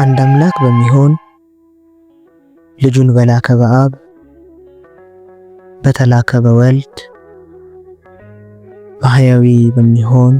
አንድ አምላክ በሚሆን ልጁን በላከ በአብ በተላከ በወልድ ባህያዊ በሚሆን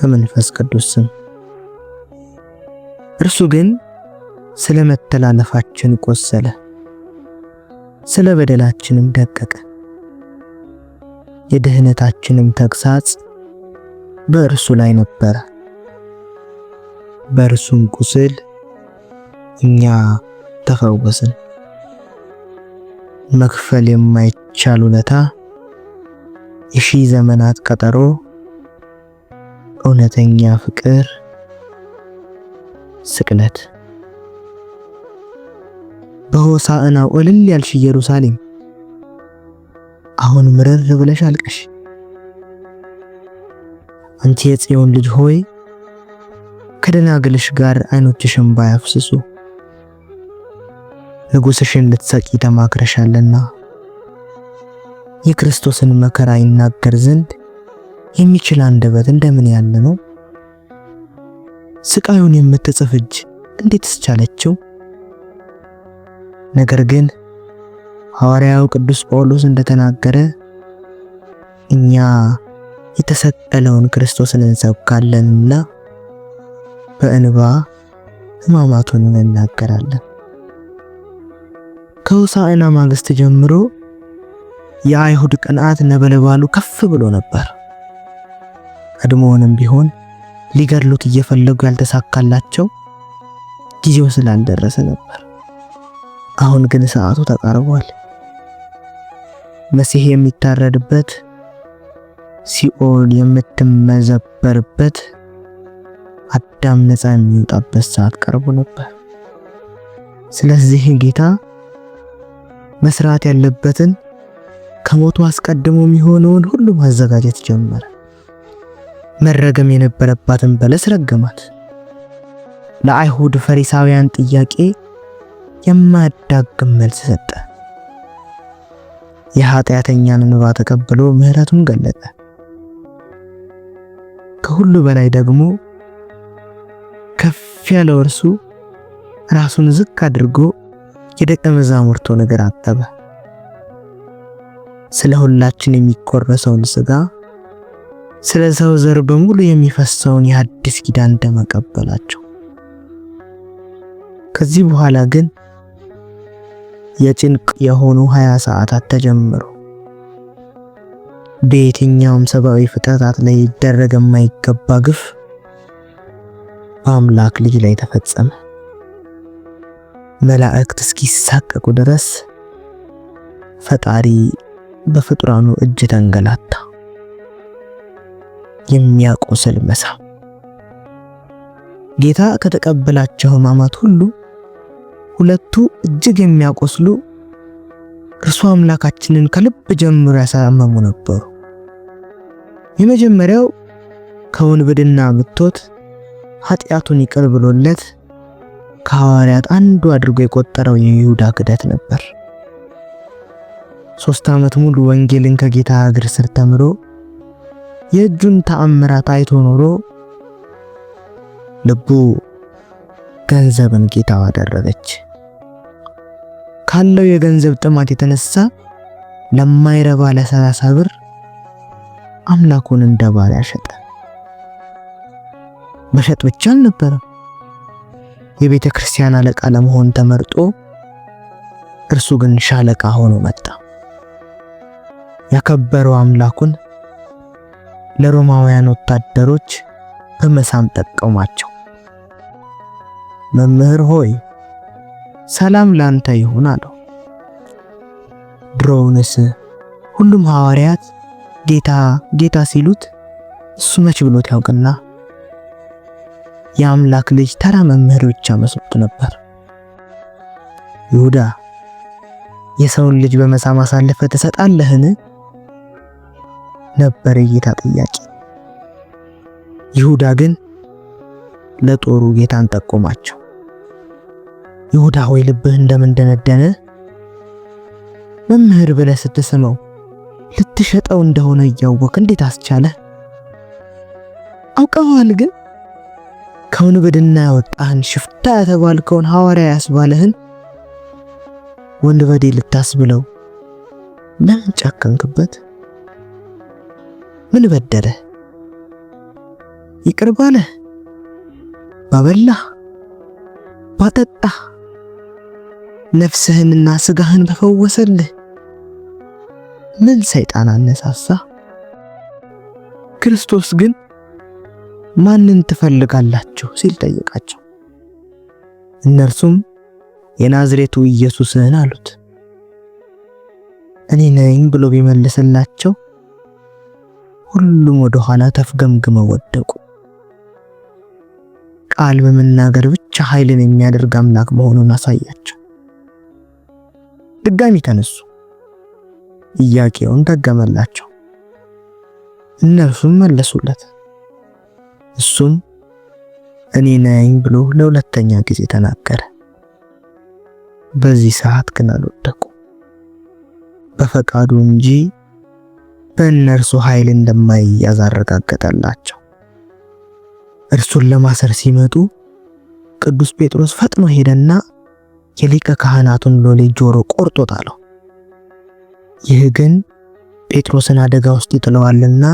በመንፈስ ቅዱስ ስም እርሱ ግን ስለ መተላለፋችን ቆሰለ፣ ስለ በደላችንም ደቀቀ። የድህነታችንም ተግሳጽ በእርሱ ላይ ነበረ። በእርሱም ቁስል እኛ ተፈወስን። መክፈል የማይቻል ውለታ፣ የሺ ዘመናት ቀጠሮ፣ እውነተኛ ፍቅር ስቅለት። እና እልል ያልሽ ኢየሩሳሌም አሁን ምርር ብለሽ አልቀሽ። አንቺ የጽዮን ልጅ ሆይ ከደናግልሽ ጋር አይኖችሽን ባያፍስሱ ንጉሥሽን ልትሰቂ ተማክረሻልና የክርስቶስን መከራ ይናገር ዘንድ የሚችል አንደበት እንደምን ያለ ነው? ስቃዩን የምትጽፍ እጅ እንዴት ስቻለችው? ነገር ግን ሐዋርያው ቅዱስ ጳውሎስ እንደተናገረ እኛ የተሰቀለውን ክርስቶስን እንሰብካለንና በእንባ ሕማማቱን እንናገራለን። ከሆሳዕና ማግስት ጀምሮ የአይሁድ ቅንዓት ነበልባሉ ከፍ ብሎ ነበር። ቀድሞውንም ቢሆን ሊገድሉት እየፈለጉ ያልተሳካላቸው ጊዜው ስላልደረሰ ነበር። አሁን ግን ሰዓቱ ተቃርቧል። መሲህ የሚታረድበት፣ ሲኦል የምትመዘበርበት አዳም ነፃ የሚወጣበት ሰዓት ቀርቦ ነበር። ስለዚህ ጌታ መስራት ያለበትን ከሞቱ አስቀድሞ የሚሆነውን ሁሉ ማዘጋጀት ጀመረ። መረገም የነበረባትን በለስ ረገማት። ለአይሁድ ፈሪሳውያን ጥያቄ የማያዳግም መልስ ሰጠ። የኃጢአተኛን እንባ ተቀብሎ ምሕረቱን ገለጠ። ከሁሉ በላይ ደግሞ ከፍ ያለው እርሱ ራሱን ዝቅ አድርጎ የደቀ መዛሙርቱ እግር አጠበ። ስለ ሁላችን የሚቆረሰውን ስጋ ስለ ሰው ዘር በሙሉ የሚፈሰውን የአዲስ ኪዳን ደም ከዚህ በኋላ ግን የጭንቅ የሆኑ ሀያ ሰዓታት ተጀመሩ። በየትኛውም ሰብአዊ ፍጥረታት ላይ ይደረግ የማይገባ ግፍ በአምላክ ልጅ ላይ ተፈጸመ። መላእክት እስኪሳቀቁ ድረስ ፈጣሪ በፍጡራኑ እጅ ተንገላታ። የሚያቆስል መሳ ጌታ ከተቀበላቸው ሕማማት ሁሉ ሁለቱ እጅግ የሚያቆስሉ እርሱ አምላካችንን ከልብ ጀምሮ ያሳመሙ ነበሩ። የመጀመሪያው ከውንብድና ምቶት ኃጢአቱን ይቅር ብሎለት ከሐዋርያት አንዱ አድርጎ የቆጠረው የይሁዳ ክደት ነበር። ሶስት ዓመት ሙሉ ወንጌልን ከጌታ እግር ስር ተምሮ የእጁን ተአምራት አይቶ ኖሮ ልቡ ገንዘብን ጌታው አደረገች። ካለው የገንዘብ ጥማት የተነሳ ለማይረባ ለሰላሳ ብር አምላኩን እንደ ባሪያ ሸጠ። መሸጥ ብቻ አልነበረም። የቤተ ክርስቲያን አለቃ ለመሆን ተመርጦ እርሱ ግን ሻለቃ ሆኖ መጣ። ያከበረው አምላኩን ለሮማውያን ወታደሮች በመሳም ጠቀማቸው። መምህር ሆይ ሰላም ላንተ ይሁን አለው። ድሮውንስ ሁሉም ሐዋርያት ጌታ ጌታ ሲሉት እሱ መች ብሎት ያውቅና የአምላክ ልጅ ተራ መምህር ብቻ መስሎት ነበር። ይሁዳ የሰውን ልጅ በመሳም አሳልፈ ትሰጣለህን? ነበር የጌታ ጥያቄ። ይሁዳ ግን ለጦሩ ጌታን ጠቆማቸው። ይሁዳ ሆይ ልብህ እንደምን ደነደነ? መምህር ብለህ ስትስመው ልትሸጠው እንደሆነ እያወቅ እንዴት አስቻለህ? አውቀዋል ግን ከውንብድና ያወጣህን ሽፍታ የተባልከውን ሐዋርያ ያስባለህን ወንድ በዴ ልታስብለው ለምን ጨከንክበት? ምን በደለ ይቅር ባበላ ባጠጣ ባጠጣህ ነፍስህንና ስጋህን በፈወሰልህ ምን ሰይጣን አነሳሳ? ክርስቶስ ግን ማንን ትፈልጋላችሁ ሲል ጠየቃቸው። እነርሱም የናዝሬቱ ኢየሱስን አሉት። እኔ ነኝ ብሎ ቢመልስላቸው ሁሉም ወደ ኋላ ተፍገምግመው ወደቁ። ቃል በመናገር ብቻ ኃይልን የሚያደርግ አምላክ መሆኑን አሳያቸው። ድጋሚ ተነሱ፣ ጥያቄውን ደገመላቸው። እነርሱም መለሱለት። እሱም እኔ ነኝ ብሎ ለሁለተኛ ጊዜ ተናገረ። በዚህ ሰዓት ግን አልወደቁ። በፈቃዱ እንጂ በእነርሱ ኃይል እንደማይያዝ አረጋገጠላቸው። እርሱን ለማሰር ሲመጡ ቅዱስ ጴጥሮስ ፈጥኖ ሄደና የሊቀ ካህናቱን ሎሌ ጆሮ ቆርጦ ይህ ግን ጴጥሮስን አደጋ ውስጥ ይጥለዋልና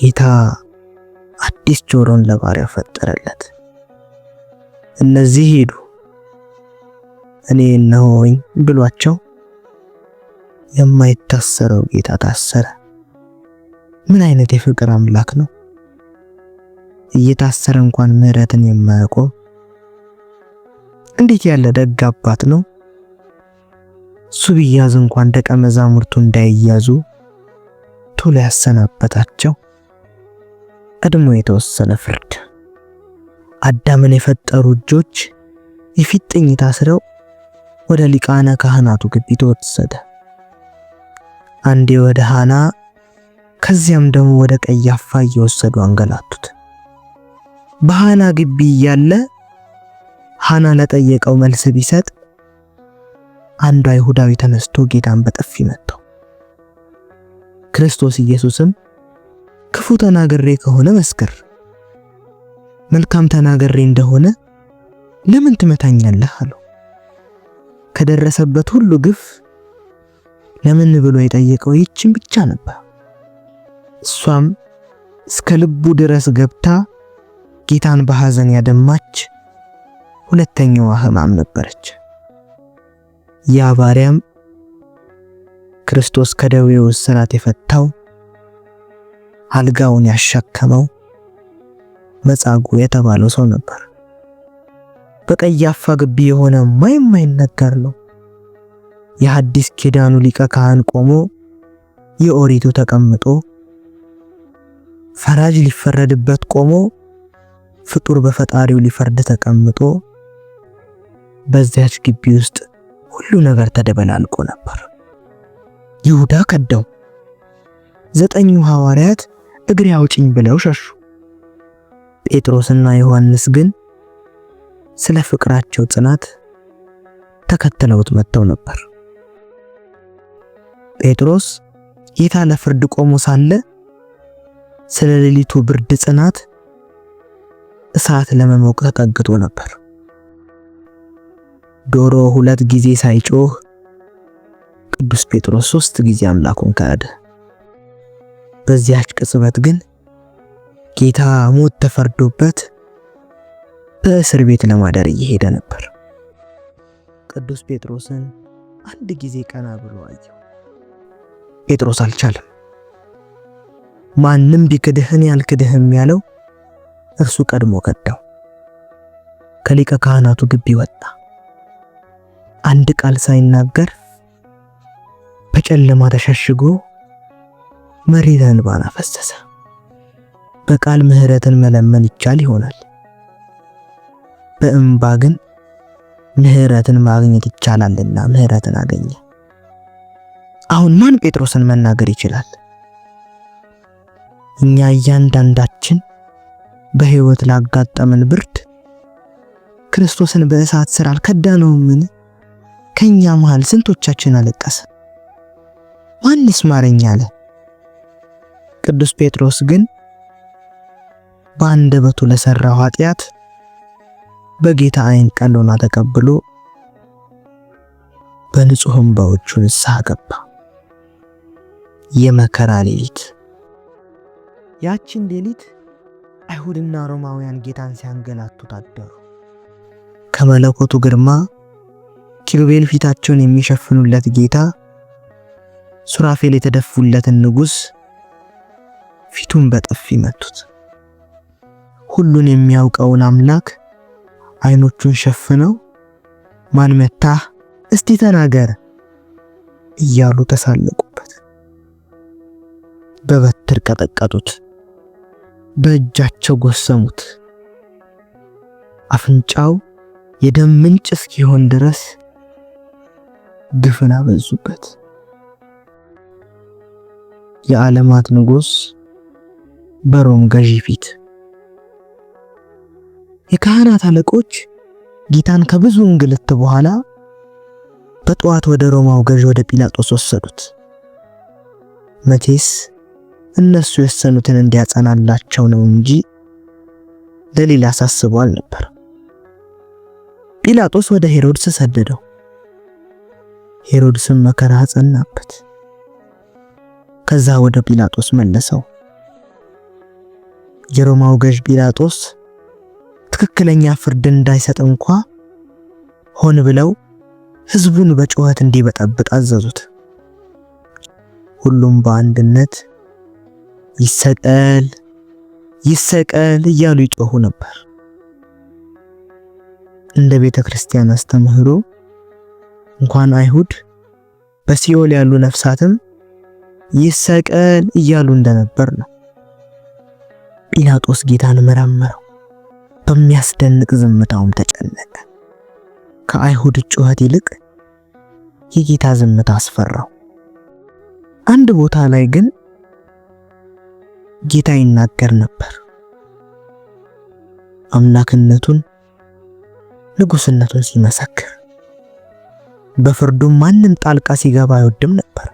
ጌታ አዲስ ጆሮን ለባሪያው ፈጠረለት። እነዚህ ሄዱ፣ እኔ እነሆኝ ብሏቸው የማይታሰረው ጌታ ታሰረ። ምን አይነት የፍቅር አምላክ ነው! እየታሰረ እንኳን ምሕረትን የማያቆም እንዴት ያለ ደግ አባት ነው! እሱ ቢያዝ እንኳን ደቀ መዛሙርቱ እንዳይያዙ ቶሎ ያሰናበታቸው። ቀድሞ የተወሰነ ፍርድ አዳምን የፈጠሩ እጆች የፊጥኝ ታስረው ወደ ሊቃነ ካህናቱ ግቢ ተወሰደ። አንዴ ወደ ሃና ከዚያም ደግሞ ወደ ቀያፋ እየወሰዱ አንገላቱት። በሃና ግቢ እያለ ሃና ለጠየቀው መልስ ቢሰጥ አንዱ አይሁዳዊ ተነስቶ ጌታን በጥፊ መታው። ክርስቶስ ኢየሱስም ክፉ ተናገሬ ከሆነ መስክር፣ መልካም ተናገሬ እንደሆነ ለምን ትመታኛለህ አለው። ከደረሰበት ሁሉ ግፍ ለምን ብሎ የጠየቀው ይችን ብቻ ነበር። እሷም እስከ ልቡ ድረስ ገብታ ጌታን በሐዘን ያደማች ሁለተኛዋ ሕማም ነበረች። ያ ባሪያም ክርስቶስ ከደዌው ስራት የፈታው አልጋውን ያሸከመው መጻጉ የተባለው ሰው ነበር። በቀያፋ ግቢ የሆነ ማይማይ ነገር ነው። የሐዲስ ኪዳኑ ሊቀ ካህን ቆሞ፣ የኦሪቱ ተቀምጦ፣ ፈራጅ ሊፈረድበት ቆሞ፣ ፍጡር በፈጣሪው ሊፈርድ ተቀምጦ፣ በዚያች ግቢ ውስጥ ሁሉ ነገር ተደበላልቆ ነበር። ይሁዳ ከዳው። ዘጠኙ ሐዋርያት እግሬ አውጭኝ ብለው ሸሹ። ጴጥሮስና ዮሐንስ ግን ስለ ፍቅራቸው ጽናት ተከትለውት መጥተው ነበር። ጴጥሮስ ጌታ ለፍርድ ቆሞ ሳለ ስለ ሌሊቱ ብርድ ጽናት እሳት ለመሞቅ ተጠግቶ ነበር። ዶሮ ሁለት ጊዜ ሳይጮህ ቅዱስ ጴጥሮስ ሶስት ጊዜ አምላኩን ካደ። በዚያች ቅጽበት ግን ጌታ ሞት ተፈርዶበት በእስር ቤት ለማደር እየሄደ ነበር። ቅዱስ ጴጥሮስን አንድ ጊዜ ቀና ብሎ አየው። ጴጥሮስ አልቻለም። ማንም ቢክድህ እኔ ያለው እርሱ ቀድሞ ከዳው። ከሊቀ ካህናቱ ግቢ ወጣ። አንድ ቃል ሳይናገር በጨለማ ተሸሽጎ መሬት እንባን አፈሰሰ። በቃል ምህረትን መለመን ይቻል ይሆናል፣ በእንባ ግን ምህረትን ማግኘት ይቻላልና ምህረትን አገኘ። አሁን ማን ጴጥሮስን መናገር ይችላል? እኛ እያንዳንዳችን በህይወት ላጋጠመን ብርድ ክርስቶስን በእሳት ስር ምን ከኛ መሃል ስንቶቻችን አለቀሰ? ማንስ ማረኝ አለ? ቅዱስ ጴጥሮስ ግን በአንደበቱ ለሰራው ኃጢአት በጌታ ዓይን ቀሎና ተቀብሎ በንጹህም እንባዎቹ ንስሐ ገባ። የመከራ ሌሊት። ያችን ሌሊት አይሁድና ሮማውያን ጌታን ሲያንገላቱ ታደሩ። ከመለኮቱ ግርማ ኪሩቤል ፊታቸውን የሚሸፍኑለት ጌታ ሱራፌል የተደፉለትን ንጉሥ ፊቱን በጥፊ መቱት። ሁሉን የሚያውቀውን አምላክ አይኖቹን ሸፍነው ማን መታህ? እስቲ ተናገር እያሉ ተሳለቁበት። በበትር ቀጠቀጡት፣ በእጃቸው ጎሰሙት። አፍንጫው የደም ምንጭ እስኪሆን ድረስ ግፍን አበዙበት። የዓለማት ንጉሥ በሮም ገዢ ፊት የካህናት አለቆች ጌታን ከብዙ እንግልት በኋላ በጠዋት ወደ ሮማው ገዢ ወደ ጲላጦስ ወሰዱት። መቼስ እነሱ የወሰኑትን እንዲያጸናላቸው ነው እንጂ ለሌላ አሳስቦ አልነበር። ጲላጦስ ወደ ሄሮድስ ሰደደው። ሄሮድስም መከራ አጸናበት። ከዛ ወደ ጲላጦስ መለሰው። የሮማው ገዥ ጲላጦስ ትክክለኛ ፍርድ እንዳይሰጥ እንኳ ሆን ብለው ህዝቡን በጩኸት እንዲበጠብጥ አዘዙት። ሁሉም በአንድነት ይሰቀል ይሰቀል እያሉ ይጮሁ ነበር። እንደ ቤተ ክርስቲያን አስተምህሮ እንኳን አይሁድ በሲኦል ያሉ ነፍሳትም ይሰቀል እያሉ እንደነበር ነው። ጲላጦስ ጌታን መረመረው፣ በሚያስደንቅ ዝምታውም ተጨነቀ። ከአይሁድ ጩኸት ይልቅ የጌታ ዝምታ አስፈራው። አንድ ቦታ ላይ ግን ጌታ ይናገር ነበር። አምላክነቱን ንጉስነቱን ሲመሰክር፣ በፍርዱም ማንም ጣልቃ ሲገባ አይወድም ነበር።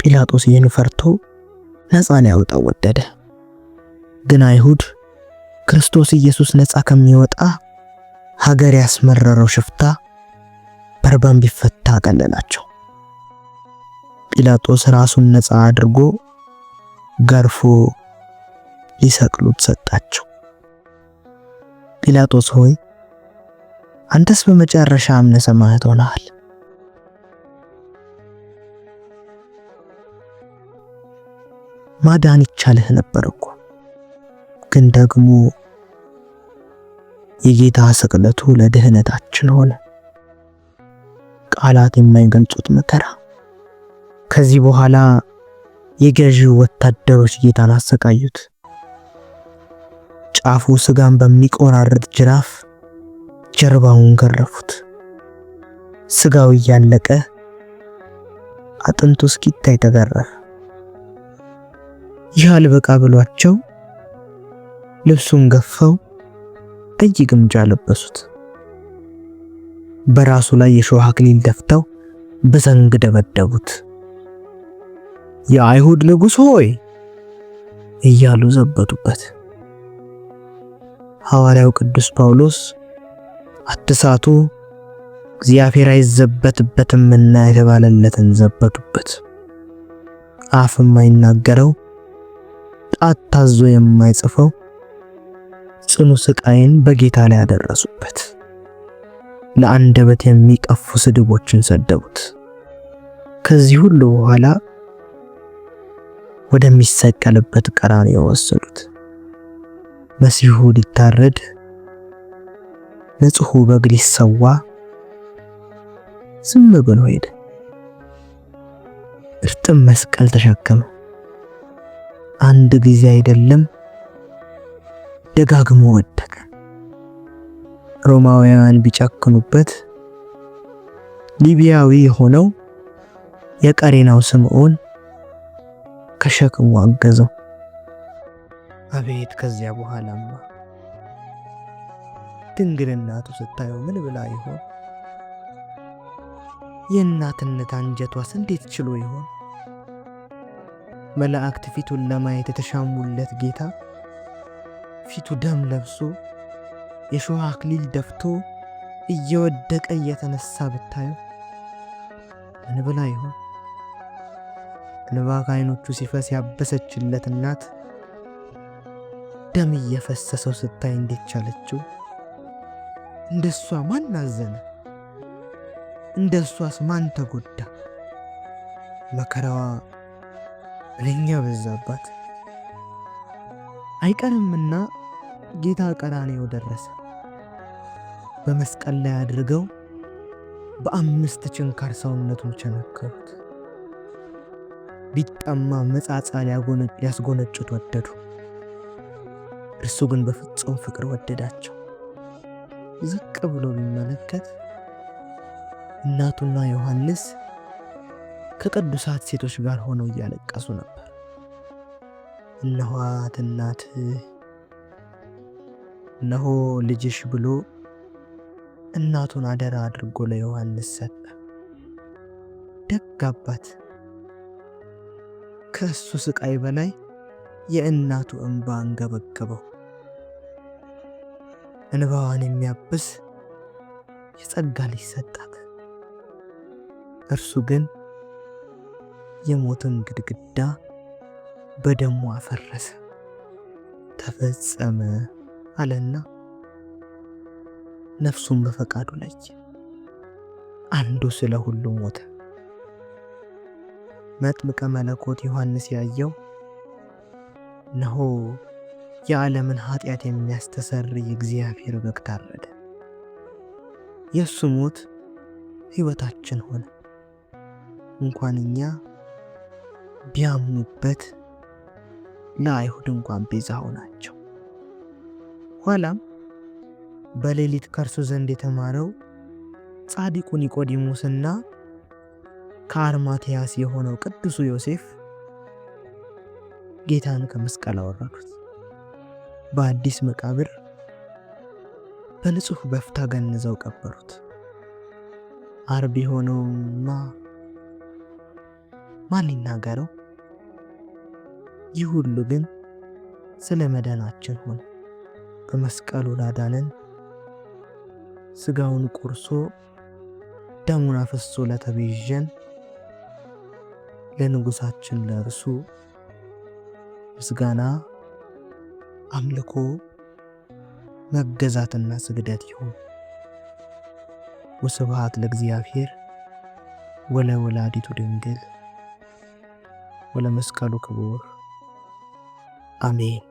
ጲላጦስ ይህን ፈርቶ ነፃ ሊያወጣው ወደደ። ግን አይሁድ ክርስቶስ ኢየሱስ ነፃ ከሚወጣ ሀገር ያስመረረው ሽፍታ በርባን ቢፈታ አቀለላቸው። ጲላጦስ ራሱን ነፃ አድርጎ ገርፎ ሊሰቅሉት ሰጣቸው። ጲላጦስ ሆይ አንተስ በመጨረሻ አምነ ሰማዕት ሆነሃል። ማዳን ይቻልህ ነበር እኮ ግን ደግሞ የጌታ ስቅለቱ ለድህነታችን ሆነ። ቃላት የማይገልጹት መከራ። ከዚህ በኋላ የገዢው ወታደሮች ጌታን አሰቃዩት። ጫፉ ስጋን በሚቆራረጥ ጅራፍ ጀርባውን ገረፉት። ስጋው እያለቀ አጥንቱ እስኪታይ ተገረፈ። ይህ አልበቃ ብሏቸው ልብሱን ገፈው ቀይ ግምጃ ለበሱት። በራሱ ላይ የሾህ አክሊል ደፍተው በዘንግ ደበደቡት። የአይሁድ ንጉሥ ሆይ እያሉ ዘበቱበት። ሐዋርያው ቅዱስ ጳውሎስ አትሳቱ እግዚአብሔር አይዘበትበትምና የተባለለትን ዘበቱበት። አፍ የማይናገረው ጣት ታዞ የማይጽፈው ጽኑ ስቃይን በጌታ ላይ ያደረሱበት። ለአንደበት የሚቀፉ ስድቦችን ሰደቡት። ከዚህ ሁሉ በኋላ ወደሚሰቀልበት ቀራን የወሰዱት መሲሁ ሊታረድ ንጹሑ በግ ሊሰዋ ዝም ብሎ ሄደ። እርጥም መስቀል ተሸከመ። አንድ ጊዜ አይደለም ደጋግሞ ወደቀ። ሮማውያን ቢጨክኑበት ሊቢያዊ የሆነው የቀሬናው ስምዖን ከሸክሙ አገዘው። አቤት ከዚያ በኋላማ ድንግል እናቱ ስታየው ምን ብላ ይሆን? የእናትነት አንጀቷስ እንዴት ችሎ ይሆን? መላእክት ፊቱን ለማየት የተሻሙለት ጌታ ፊቱ ደም ለብሶ የሾህ አክሊል ደፍቶ እየወደቀ እየተነሳ ብታዩ ምን ብላ ይሆን? እንባ ከዓይኖቹ ሲፈስ ያበሰችለት እናት ደም እየፈሰሰው ስታይ እንዴት ቻለችው? እንደሷ ማን አዘነ? እንደሷስ ማን ተጎዳ? መከራዋ ምንኛ በዛባት አይቀርምና ጌታ ቀራንዮ ደረሰ። በመስቀል ላይ አድርገው በአምስት ችንካር ሰውነቱን ቸነከሩት። ቢጠማ መጻጻ ሊያስጎነጩት ወደዱ። እርሱ ግን በፍጹም ፍቅር ወደዳቸው። ዝቅ ብሎ ቢመለከት እናቱና ዮሐንስ ከቅዱሳት ሴቶች ጋር ሆነው እያለቀሱ ነበር። እነኋት እናትህ እነሆ ልጅሽ ብሎ እናቱን አደራ አድርጎ ለዮሐንስ ሰጠ። ደግ አባት ከእሱ ስቃይ በላይ የእናቱ እንባ አንገበገበው። እንባዋን የሚያብስ የጸጋ ልጅ ሰጣት። እርሱ ግን የሞትን ግድግዳ በደሙ አፈረሰ። ተፈጸመ። አለና ነፍሱን በፈቃዱ ለየ። አንዱ ስለ ሁሉ ሞተ። መጥምቀ መለኮት ዮሐንስ ያየው ነሆ የዓለምን ኃጢአት የሚያስተሰር እግዚአብሔር በግ ታረደ። የእሱ ሞት ሕይወታችን ሆነ። እንኳን እኛ ቢያምኑበት ለአይሁድ እንኳን ቤዛ ሆናቸው። ኋላም በሌሊት ከእርሱ ዘንድ የተማረው ጻድቁ ኒቆዲሞስና ከአርማቴያስ የሆነው ቅዱሱ ዮሴፍ ጌታን ከመስቀል አወረዱት። በአዲስ መቃብር በንጹሕ በፍታ ገንዘው ቀበሩት። አርብ የሆነውማ ማን ይናገረው? ይህ ሁሉ ግን ስለ መዳናችን ሆነ። በመስቀሉ ላዳነን ስጋውን ቆርሶ ደሙን አፍሶ ለተቤዠን ለንጉሳችን ለእርሱ ምስጋና፣ አምልኮ፣ መገዛትና ስግደት ይሁን። ወስብሐት ለእግዚአብሔር ወላዲቱ ድንግል ወለ መስቀሉ ክቡር አሜን።